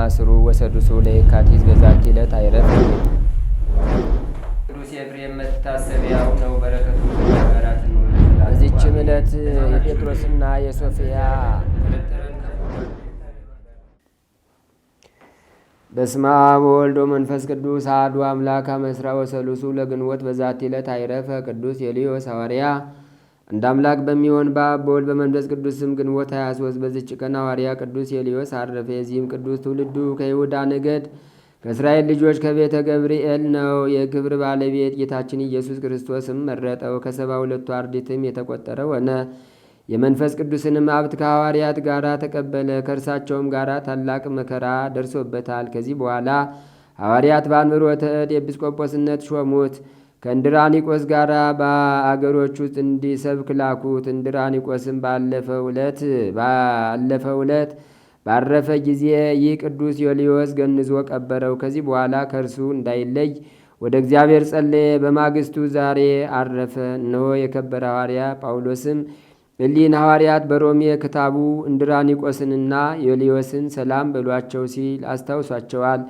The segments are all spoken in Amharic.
ማስሩ ወሰዱሱ ለየካቲት በዛቲ ዕለት አይረፍ። ቅዱስ ኤፍሬም መታሰቢያው ነው። በረከቱ በዚችም ዕለት የጴጥሮስና የሶፊያ በስማ ወወልዶ መንፈስ ቅዱስ አሐዱ አምላክ አመስራ ወሰሉሱ ለግንቦት በዛቲ ዕለት አይረፈ ቅዱስ የልዮስ ሐዋርያ እንደ አምላክ በሚሆን በአብ በወልድ በመንፈስ ቅዱስም ግንቦት 23 በዚች ቀን ሐዋርያ ቅዱስ ኤልዮስ አረፈ። የዚህም ቅዱስ ትውልዱ ከይሁዳ ነገድ ከእስራኤል ልጆች ከቤተ ገብርኤል ነው። የክብር ባለቤት ጌታችን ኢየሱስ ክርስቶስም መረጠው። ከሰባ ሁለቱ አርድእትም የተቆጠረ ሆነ። የመንፈስ ቅዱስንም ሀብት ከሐዋርያት ጋር ተቀበለ። ከእርሳቸውም ጋር ታላቅ መከራ ደርሶበታል። ከዚህ በኋላ ሐዋርያት በአንብሮተ እድ ኤጲስቆጶስነት ሾሙት። ከእንድራኒቆስ ጋር በአገሮች ውስጥ እንዲሰብክ ላኩት። እንድራኒቆስም ባለፈው ዕለት ባለፈው ዕለት ባረፈ ጊዜ ይህ ቅዱስ ዮልዮስ ገንዞ ቀበረው። ከዚህ በኋላ ከእርሱ እንዳይለይ ወደ እግዚአብሔር ጸለየ። በማግስቱ ዛሬ አረፈ። እነሆ የከበረ ሐዋርያ ጳውሎስም እሊን ሐዋርያት በሮሜ ክታቡ እንድራኒቆስንና ዮልዮስን ሰላም በሏቸው ሲል አስታውሷቸዋል።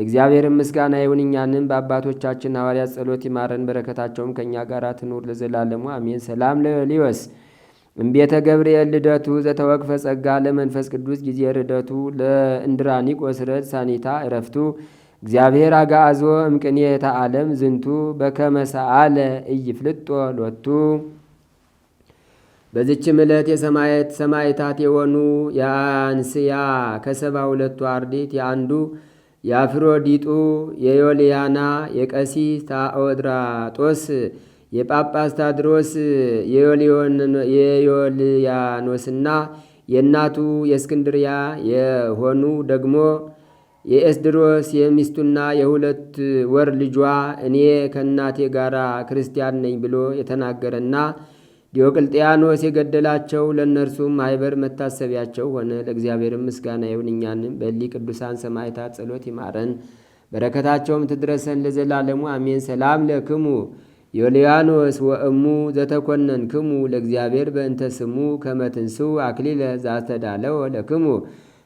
የእግዚአብሔርን ምስጋና ይሁን እኛንም በአባቶቻችን ሐዋርያት ጸሎት ይማረን፣ በረከታቸውም ከእኛ ጋር ትኑር ለዘላለሙ አሜን። ሰላም ለሊወስ እምቤተ ገብርኤል ልደቱ ዘተወቅፈ ጸጋ ለመንፈስ ቅዱስ ጊዜ ርደቱ ለእንድራኒቆስ ረድ ሳኒታ እረፍቱ እግዚአብሔር አጋአዞ እምቅኔተ ዓለም ዝንቱ በከመሰአለ ኢይፍልጦ ሎቱ። ምለት የሰማየት ሰማይታት የሆኑ የአንስያ ከሰባ ሁለቱ አርዲት የአንዱ የአፍሮዲጡ የዮልያና የቀሲ ታኦድራጦስ የጳጳስ ታድሮስ የዮልያኖስና የእናቱ የእስክንድሪያ የሆኑ ደግሞ የኤስድሮስ የሚስቱና የሁለት ወር ልጇ እኔ ከእናቴ ጋራ ክርስቲያን ነኝ ብሎ የተናገረና ዲዮቅልጥያኖስ የገደላቸው ለእነርሱም ማኅበር መታሰቢያቸው ሆነ። ለእግዚአብሔርም ምስጋና ይሁን፣ እኛንም በሊ ቅዱሳን ሰማይታ ጸሎት ይማረን፣ በረከታቸውም ትድረሰን ለዘላለሙ አሜን። ሰላም ለክሙ ዮልያኖስ ወእሙ ዘተኮነን ክሙ ለእግዚአብሔር በእንተ ስሙ ከመትንሱ አክሊለ ዛተዳለው ለክሙ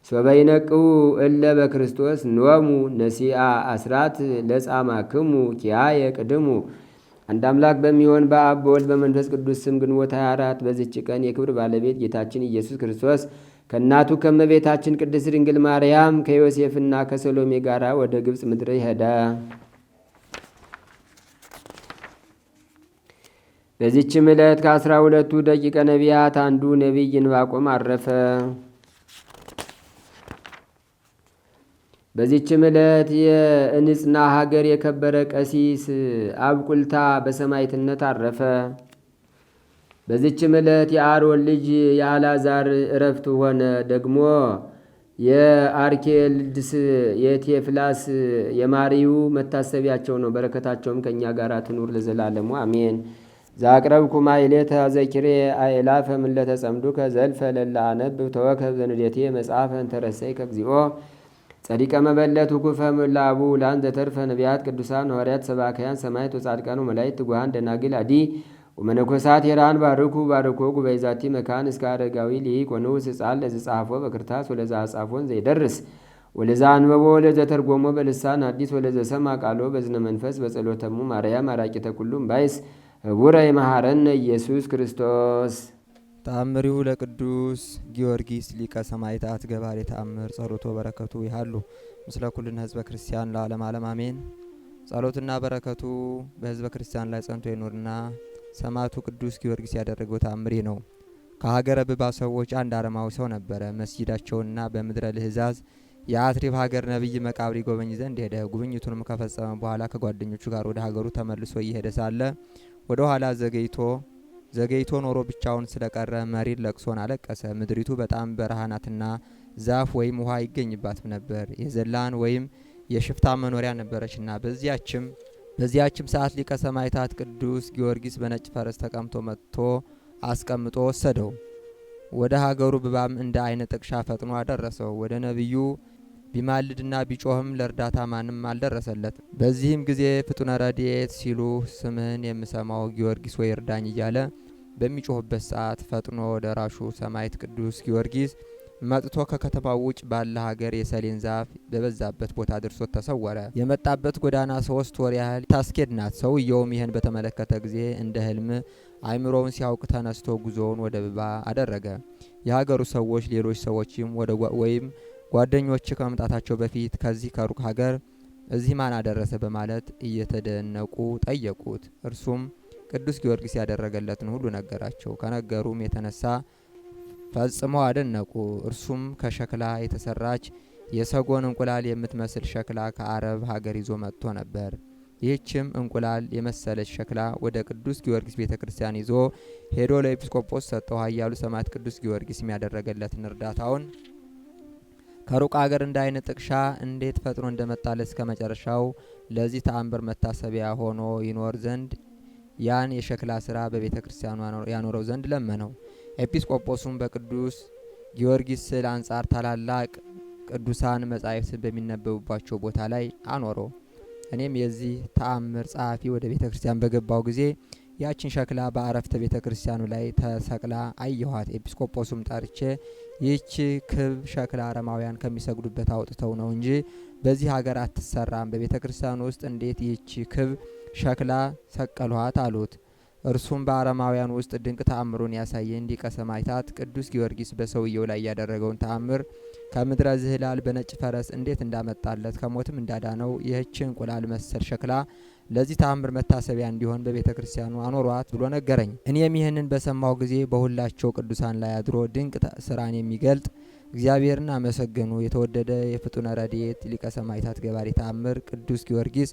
ሶበይነቅዉ እለ በክርስቶስ ኖሙ ነሲአ አስራት ለጻማ ክሙ ኪያየ ቅድሙ አንድ አምላክ በሚሆን በአብ በወልድ በመንፈስ ቅዱስ ስም ግንቦት 24 በዚች ቀን የክብር ባለቤት ጌታችን ኢየሱስ ክርስቶስ ከእናቱ ከመቤታችን ቅድስት ድንግል ማርያም ከዮሴፍና ከሰሎሜ ጋር ወደ ግብፅ ምድር ይሄደ በዚችም ዕለት ከአስራ ሁለቱ ደቂቀ ነቢያት አንዱ ነቢይ ዕንባቆም አረፈ። በዚችም ዕለት የእንጽና ሀገር የከበረ ቀሲስ አብቁልታ በሰማይትነት አረፈ። በዚችም ዕለት የአሮን ልጅ የአላዛር እረፍት ሆነ። ደግሞ የአርኬልድስ የቴፍላስ የማሪው መታሰቢያቸው ነው። በረከታቸውም ከእኛ ጋር ትኑር ለዘላለሙ አሜን። ዛቅረብኩ ማይሌተ ዘኪሬ አእላፈ ምለተጸምዱከ ዘልፈ ለላ አነብብ ተወከብ ዘንዴቴ መጽሐፈ እንተረሰይ ከግዚኦ ጸዲቀ መበለት ውኩፈ ላቡ ላን ዘተርፈ ነቢያት ቅዱሳን ሐዋርያት ሰባካያን ሰማይት ወጻድቃኑ መላይት ትጉሃን ደናግል አዲ ወመነኮሳት የራን ባርኩ ባርኮ ጉበይዛቲ መካን እስከ አረጋዊ ሊቆኑ ስጻል ጻፎ በክርታስ ወለዛ አጻፎን ዘይደርስ ወለዛ አንበቦ ወለዘ ተርጎሞ በልሳን አዲስ ወለዘ ሰማ ቃሎ በዝነ መንፈስ በጸሎተሙ ማርያም አራቂተ ኩሉም ባይስ ህቡረ የመሐረነ ኢየሱስ ክርስቶስ ተአምሪሁ ለቅዱስ ጊዮርጊስ ሊቀ ሰማዕታት ገባሬ ተአምር ጸሎቶ በረከቱ ይሃሉ ምስለ ኩልነ ህዝበ ክርስቲያን ለዓለም ዓለም አሜን። ጸሎትና በረከቱ በህዝበ ክርስቲያን ላይ ጸንቶ ይኑርና ሰማዕቱ ቅዱስ ጊዮርጊስ ያደረገው ተአምሪ ነው። ከሀገረ ብባ ሰዎች አንድ አረማዊ ሰው ነበረ። መስጂዳቸውና በምድረ ልህዛዝ የአትሪብ ሀገር ነቢይ መቃብር ይጎበኝ ዘንድ ሄደ። ጉብኝቱንም ከፈጸመ በኋላ ከጓደኞቹ ጋር ወደ ሀገሩ ተመልሶ እየሄደ ሳለ ወደ ኋላ ዘገይቶ ዘገይቶ ኖሮ ብቻውን ስለቀረ መሪር ለቅሶን አለቀሰ። ምድሪቱ በጣም በረሃናትና ዛፍ ወይም ውሃ ይገኝባትም ነበር። የዘላን ወይም የሽፍታ መኖሪያ ነበረችና በዚያችም በዚያችም ሰዓት ሊቀ ሰማይታት ቅዱስ ጊዮርጊስ በነጭ ፈረስ ተቀምቶ መጥቶ አስቀምጦ ወሰደው። ወደ ሀገሩ ብባም እንደ አይነ ጥቅሻ ፈጥኖ አደረሰው። ወደ ነቢዩ ቢማልድና ቢጮህም ለእርዳታ ማንም አልደረሰለት። በዚህም ጊዜ ፍጡነ ረድኤት ሲሉ ስምህን የምሰማው ጊዮርጊስ ወይ እርዳኝ እያለ በሚጮህበት ሰዓት ፈጥኖ ደራሹ ሰማዕት ቅዱስ ጊዮርጊስ መጥቶ ከከተማው ውጭ ባለ ሀገር የሰሌን ዛፍ በበዛበት ቦታ ድርሶት ተሰወረ። የመጣበት ጎዳና ሶስት ወር ያህል ታስኬድ ናት። ሰውየውም ይህን በተመለከተ ጊዜ እንደ ህልም አይምሮውን ሲያውቅ ተነስቶ ጉዞውን ወደ ብባ አደረገ። የሀገሩ ሰዎች ሌሎች ሰዎችም ወደ ወይም ጓደኞች ከመምጣታቸው በፊት ከዚህ ከሩቅ ሀገር እዚህ ማን አደረሰ በማለት እየተደነቁ ጠየቁት። እርሱም ቅዱስ ጊዮርጊስ ያደረገለትን ሁሉ ነገራቸው። ከነገሩም የተነሳ ፈጽሞ አደነቁ። እርሱም ከሸክላ የተሰራች የሰጎን እንቁላል የምትመስል ሸክላ ከአረብ ሀገር ይዞ መጥቶ ነበር። ይህችም እንቁላል የመሰለች ሸክላ ወደ ቅዱስ ጊዮርጊስ ቤተ ክርስቲያን ይዞ ሄዶ ለኤጲስቆጶስ ሰጠው። ኃያሉ ሰማዕት ቅዱስ ጊዮርጊስ የሚያደረገለትን እርዳታውን ከሩቅ አገር እንደ አይነ ጥቅሻ እንዴት ፈጥኖ እንደመጣለ እስከ መጨረሻው ለዚህ ተአምር መታሰቢያ ሆኖ ይኖር ዘንድ ያን የሸክላ ስራ በቤተ ክርስቲያኑ ያኖረው ዘንድ ለመነው። ኤጲስቆጶሱም በቅዱስ ጊዮርጊስ ስዕል አንጻር ታላላቅ ቅዱሳን መጻሕፍትን በሚነበቡባቸው ቦታ ላይ አኖረው። እኔም የዚህ ተአምር ጸሐፊ ወደ ቤተ ክርስቲያን በገባው ጊዜ ያችን ሸክላ በአረፍተ ቤተ ክርስቲያኑ ላይ ተሰቅላ አየኋት። ኤጲስቆጶሱም ጠርቼ ይህች ክብ ሸክላ አረማውያን ከሚሰግዱበት አውጥተው ነው እንጂ በዚህ ሀገር አትሰራም። በቤተ ክርስቲያኑ ውስጥ እንዴት ይህች ክብ ሸክላ ሰቀሏት አሉት። እርሱም በአረማውያን ውስጥ ድንቅ ተአምሩን ያሳየ ሊቀ ሰማዕታት ቅዱስ ጊዮርጊስ በሰውየው ላይ ያደረገውን ተአምር ከምድረ ዝህላል በነጭ ፈረስ እንዴት እንዳመጣለት ከሞትም እንዳዳነው ይህች እንቁላል መሰል ሸክላ ለዚህ ተአምር መታሰቢያ እንዲሆን በቤተ ክርስቲያኑ አኖሯት ብሎ ነገረኝ። እኔም ይህንን በሰማው ጊዜ በሁላቸው ቅዱሳን ላይ አድሮ ድንቅ ስራን የሚገልጥ እግዚአብሔርን አመሰገኑ። የተወደደ የፍጡነ ረድኤት ሊቀ ሰማዕታት ገባሬ ተአምር ቅዱስ ጊዮርጊስ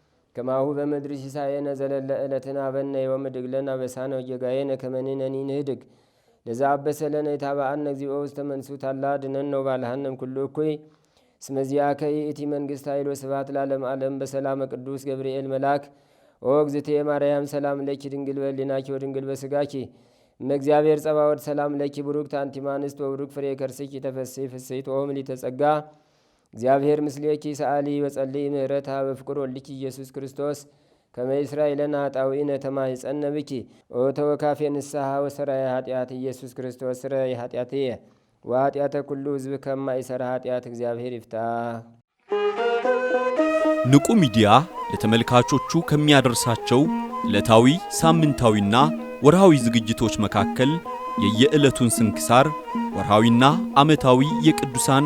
ከማሁ በምድሪ ሲሳየነ ዘለለ ዕለትን አበነ ወምድግለን አበሳነ ወጌጋየነ ከመኔነኒ ንህድግ ለዛ አበሰለነ የታባአነ እግዚኦ ውስተ መንሱት አላ ድነን ነው ባልሃንም ኩሉ እኩይ ስመዚያከ ይእቲ መንግስት ኃይሎ ስብሐት ላለም አለም በሰላመ ቅዱስ ገብርኤል መልአክ ኦ እግዝእቴ ማርያም ሰላም ለኪ ድንግል በሊናኪ ወድንግል በስጋኪ እመእግዚአብሔር ጸባወድ ሰላም ለኪ ቡሩክት አንቲ እምአንስት ፍሬ ከርስኪ ተፈሥሒ ፍሥሕት ኦ ምልዕተ እግዚአብሔር ምስሌኪ ሰአሊ በጸልይ ምህረታ በፍቅር ወልኪ ኢየሱስ ክርስቶስ ከመእስራኤለን አጣዊነ ተማይጸነ ብኪ ኦ ተወካፌ ንስሐ ወሰራይ ኃጢአት ኢየሱስ ክርስቶስ ስረይ ኃጢአትየ ወኃጢአተ ኩሉ ህዝብ ከማይሰራ ኃጢአት እግዚአብሔር ይፍታ። ንቁ ሚዲያ ለተመልካቾቹ ከሚያደርሳቸው ዕለታዊ ሳምንታዊና ወርሃዊ ዝግጅቶች መካከል የየዕለቱን ስንክሳር ወርሃዊና ዓመታዊ የቅዱሳን